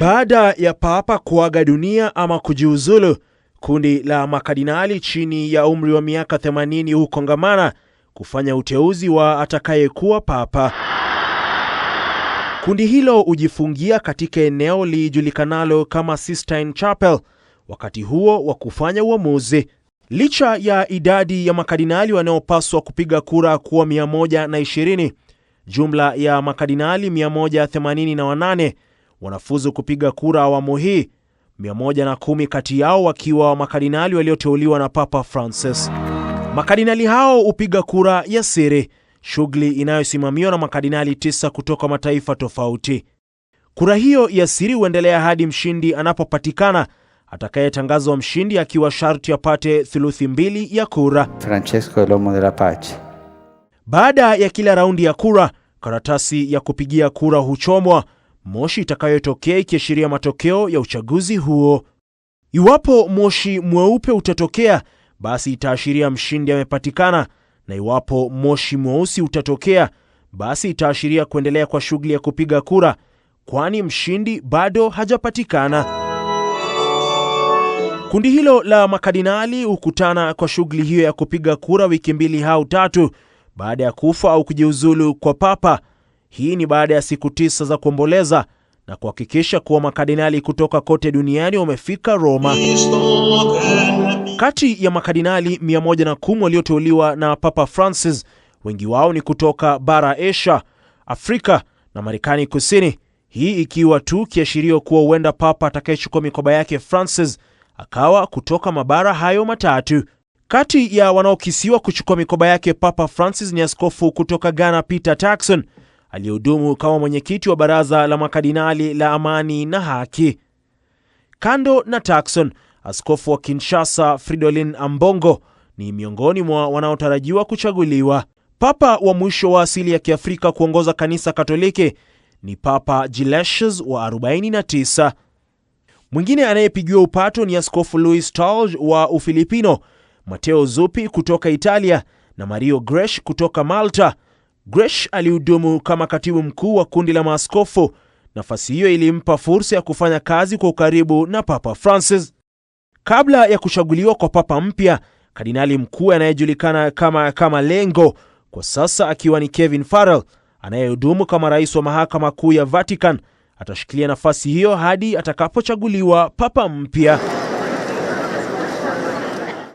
Baada ya papa kuaga dunia ama kujiuzulu, kundi la makadinali chini ya umri wa miaka 80 hukongamana kufanya uteuzi wa atakayekuwa papa. Kundi hilo hujifungia katika eneo lijulikanalo kama Sistine Chapel wakati huo wa kufanya uamuzi. Licha ya idadi ya makadinali wanaopaswa kupiga kura kuwa 120, jumla ya makadinali 188 wanafuzu kupiga kura awamu hii, 110 kati yao wakiwa makardinali walioteuliwa na Papa Francis. Makardinali hao hupiga kura ya siri, shughuli inayosimamiwa na makardinali tisa kutoka mataifa tofauti. Kura hiyo ya siri huendelea hadi mshindi anapopatikana, atakayetangazwa mshindi akiwa sharti apate thuluthi mbili ya kura. Francesco Lomo della Pace. Baada ya kila raundi ya kura, karatasi ya kupigia kura huchomwa moshi itakayotokea ikiashiria matokeo ya uchaguzi huo. Iwapo moshi mweupe utatokea, basi itaashiria mshindi amepatikana, na iwapo moshi mweusi utatokea, basi itaashiria kuendelea kwa shughuli ya kupiga kura, kwani mshindi bado hajapatikana. Kundi hilo la makadinali hukutana kwa shughuli hiyo ya kupiga kura wiki mbili au tatu baada ya kufa au kujiuzulu kwa papa hii ni baada ya siku tisa za kuomboleza na kuhakikisha kuwa makadinali kutoka kote duniani wamefika Roma. Kati ya makadinali 110 walioteuliwa na Papa Francis, wengi wao ni kutoka bara Asia, Afrika na Marekani Kusini, hii ikiwa tu kiashirio kuwa huenda papa atakayechukua mikoba yake Francis akawa kutoka mabara hayo matatu. Kati ya wanaokisiwa kuchukua mikoba yake Papa Francis ni askofu kutoka Ghana Peter Turkson aliyehudumu kama mwenyekiti wa baraza la makardinali la amani na haki. Kando na Turkson, askofu wa Kinshasa Fridolin Ambongo ni miongoni mwa wanaotarajiwa kuchaguliwa. Papa wa mwisho wa asili ya Kiafrika kuongoza kanisa Katoliki ni Papa Gelasius wa 49. Mwingine anayepigiwa upato ni askofu Louis Talge wa Ufilipino, mateo Zuppi kutoka Italia na Mario Gresh kutoka Malta Gresh alihudumu kama katibu mkuu wa kundi la maaskofu. Nafasi hiyo ilimpa fursa ya kufanya kazi kwa ukaribu na Papa Francis kabla ya kuchaguliwa kwa papa mpya, kardinali mkuu anayejulikana kama kama Lengo, kwa sasa akiwa ni Kevin Farrell anayehudumu kama rais wa mahakama kuu ya Vatican, atashikilia nafasi hiyo hadi atakapochaguliwa papa mpya.